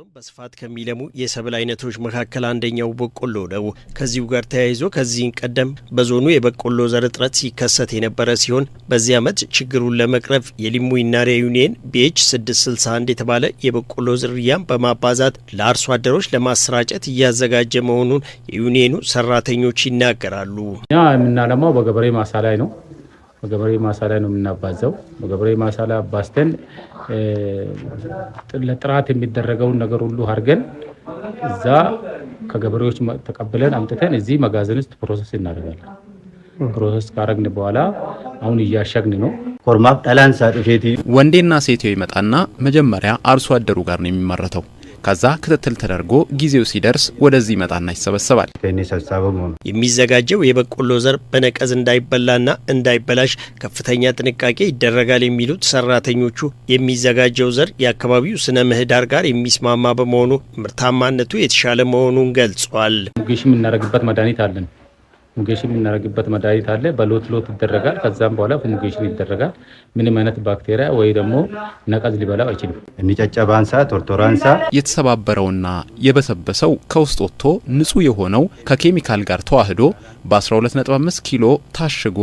ዞን በስፋት ከሚለሙ የሰብል አይነቶች መካከል አንደኛው በቆሎ ነው። ከዚሁ ጋር ተያይዞ ከዚህን ቀደም በዞኑ የበቆሎ ዘር እጥረት ሲከሰት የነበረ ሲሆን በዚህ ዓመት ችግሩን ለመቅረፍ የሊሙ ይናሪያ ዩኒየን ቢኤች 661 የተባለ የበቆሎ ዝርያን በማባዛት ለአርሶ አደሮች ለማሰራጨት እያዘጋጀ መሆኑን የዩኒየኑ ሰራተኞች ይናገራሉ። እኛ የምናለማው በገበሬ ማሳ ላይ ነው። በገበሬ ማሳ ላይ ነው የምናባዘው በገበሬ ማሳ ላይ አባዝተን ለጥራት የሚደረገውን ነገር ሁሉ አድርገን እዛ ከገበሬዎች ተቀብለን አምጥተን እዚህ መጋዘን ውስጥ ፕሮሰስ እናደርጋለን። ፕሮሰስ ካረግን በኋላ አሁን እያሸግን ነው። ኮርማ ጠላንሳ ወንዴና ሴትዮ ይመጣና መጀመሪያ አርሶ አደሩ ጋር ነው የሚመረተው። ከዛ ክትትል ተደርጎ ጊዜው ሲደርስ ወደዚህ ይመጣና ይሰበሰባል። የሚዘጋጀው የበቆሎ ዘር በነቀዝ እንዳይበላና እንዳይበላሽ ከፍተኛ ጥንቃቄ ይደረጋል የሚሉት ሰራተኞቹ የሚዘጋጀው ዘር የአካባቢው ስነ ምህዳር ጋር የሚስማማ በመሆኑ ምርታማነቱ የተሻለ መሆኑን ገልጿል። ሽ የምናደርግበት መድኃኒት አለን ፉሚጌሽን የምናደርግበት መድኃኒት አለ። በሎት ሎት ይደረጋል። ከዛም በኋላ ፉሚጌሽን ይደረጋል። ምንም አይነት ባክቴሪያ ወይ ደግሞ ነቀዝ ሊበላው አይችልም። እኒጨጨ ባንሳ ቶርቶራንሳ የተሰባበረውና የበሰበሰው ከውስጥ ወጥቶ ንጹህ የሆነው ከኬሚካል ጋር ተዋህዶ በ125 ኪሎ ታሽጎ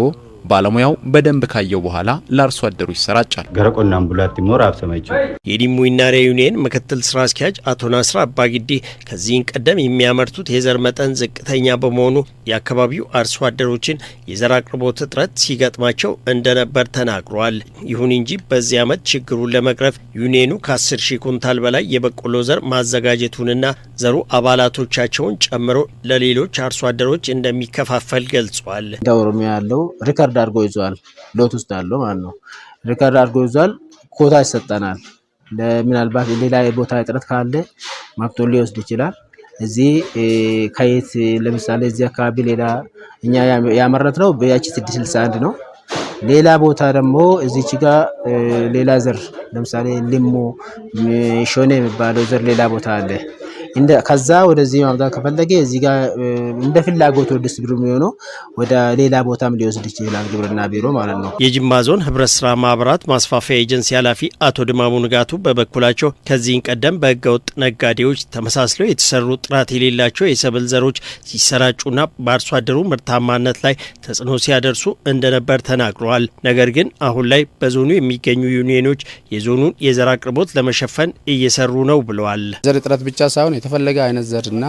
ባለሙያው በደንብ ካየው በኋላ ለአርሶ አደሩ ይሰራጫል። ገረቆናም ቡላት ሞር የዲሙ ኢናሪያ ዩኒየን ምክትል ስራ አስኪያጅ አቶ ናስራ አባጊዲ ከዚህን ቀደም የሚያመርቱት የዘር መጠን ዝቅተኛ በመሆኑ የአካባቢው አርሶ አደሮችን የዘር አቅርቦት እጥረት ሲገጥማቸው እንደነበር ተናግሯል። ይሁን እንጂ በዚህ ዓመት ችግሩን ለመቅረፍ ዩኒየኑ ከ10 ሺህ ኩንታል በላይ የበቆሎ ዘር ማዘጋጀቱንና ዘሩ አባላቶቻቸውን ጨምሮ ለሌሎች አርሶ አደሮች እንደሚከፋፈል ገልጿል። ኦሮሚያ ያለው ሪካርድ ሪከርድ አድርጎ ይዟል። ሎት ውስጥ ያለው ማለት ነው። ሪከርድ አድርጎ ይዟል። ኮታ ይሰጠናል። ምናልባት ሌላ ቦታ እጥረት ካለ ማክቶን ሊወስድ ይችላል። እዚህ ከየት ለምሳሌ እዚህ አካባቢ ሌላ እኛ ያመረት ነው በያቺ 661 ነው። ሌላ ቦታ ደግሞ እዚች ጋ ሌላ ዘር ለምሳሌ ሊሞ ሾኔ የሚባለው ዘር ሌላ ቦታ አለ። ከዛ ወደዚህ ማምጣት ከፈለገ እዚህ ጋር እንደ ፍላጎት ወደ ስብር የሚሆነው ወደ ሌላ ቦታም ሊወስድ ይችላል፣ ግብርና ቢሮ ማለት ነው። የጅማ ዞን ህብረት ስራ ማህበራት ማስፋፊያ ኤጀንሲ ኃላፊ አቶ ድማሙ ንጋቱ በበኩላቸው ከዚህን ቀደም በህገወጥ ነጋዴዎች ተመሳስለው የተሰሩ ጥራት የሌላቸው የሰብል ዘሮች ሲሰራጩና በአርሶ አደሩ ምርታማነት ላይ ተጽዕኖ ሲያደርሱ እንደነበር ተናግረዋል። ነገር ግን አሁን ላይ በዞኑ የሚገኙ ዩኒየኖች የዞኑን የዘር አቅርቦት ለመሸፈን እየሰሩ ነው ብለዋል። ዘር እጥረት ብቻ ሳይሆን የተፈለገ አይነት ዘር እና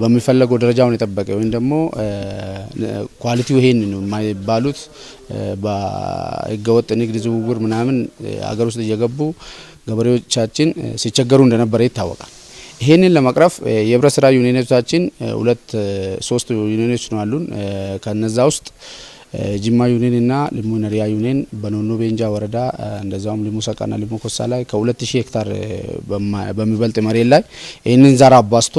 በሚፈለገው ደረጃውን የጠበቀ ወይም ደግሞ ኳሊቲው ይሄን ነው የማይባሉት በህገወጥ ንግድ ዝውውር ምናምን ሀገር ውስጥ እየገቡ ገበሬዎቻችን ሲቸገሩ እንደነበረ ይታወቃል። ይህንን ለመቅረፍ የህብረት ስራ ዩኒየኖቻችን ሁለት ሶስት ዩኒየኖች ነው አሉን። ከነዛ ውስጥ ጅማ ዩኒን እና ልሙ ነሪያ ዩኒን በኖኖ ቤንጃ ወረዳ እንደዚያውም ልሙ ሰቃና ልሙ ኮሳ ላይ ከ2000 ሄክታር በሚበልጥ መሬት ላይ ይህንን ዘር አባስቶ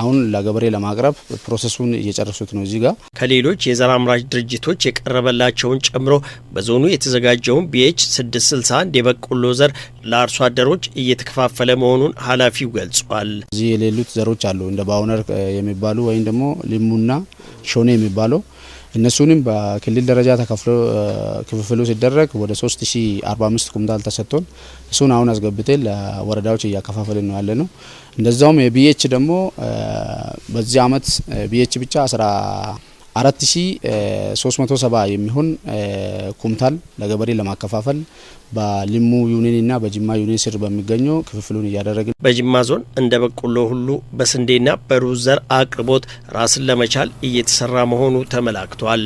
አሁን ለገበሬ ለማቅረብ ፕሮሰሱን እየጨረሱት ነው። እዚህ ጋር ከሌሎች የዘር አምራች ድርጅቶች የቀረበላቸውን ጨምሮ በዞኑ የተዘጋጀውን ቢኤች 661 የበቆሎ ዘር ለአርሶ አደሮች እየተከፋፈለ መሆኑን ኃላፊው ገልጿል። እዚህ የሌሉት ዘሮች አሉ እንደ ባውነር የሚባሉ ወይም ደግሞ ልሙና ሾኔ የሚባለው እነሱንም በክልል ደረጃ ተከፍሎ ክፍፍሉ ሲደረግ ወደ 3045 ኩንታል ተሰጥቶን እሱን አሁን አስገብተን ለወረዳዎች እያከፋፈልን ነው ያለ ነው። እንደዛውም የቢኤች ደግሞ በዚህ አመት ቢኤች ብቻ አራት ሺ ሶስት መቶ ሰባ የሚሆን ኩምታል ለገበሬ ለማከፋፈል በሊሙ ዩኒየንና በጅማ ዩኒየን ስር በሚገኘው ክፍፍሉን እያደረግን በጅማ ዞን እንደ በቆሎ ሁሉ በስንዴና በሩዝ ዘር አቅርቦት ራስን ለመቻል እየተሰራ መሆኑ ተመላክቷል።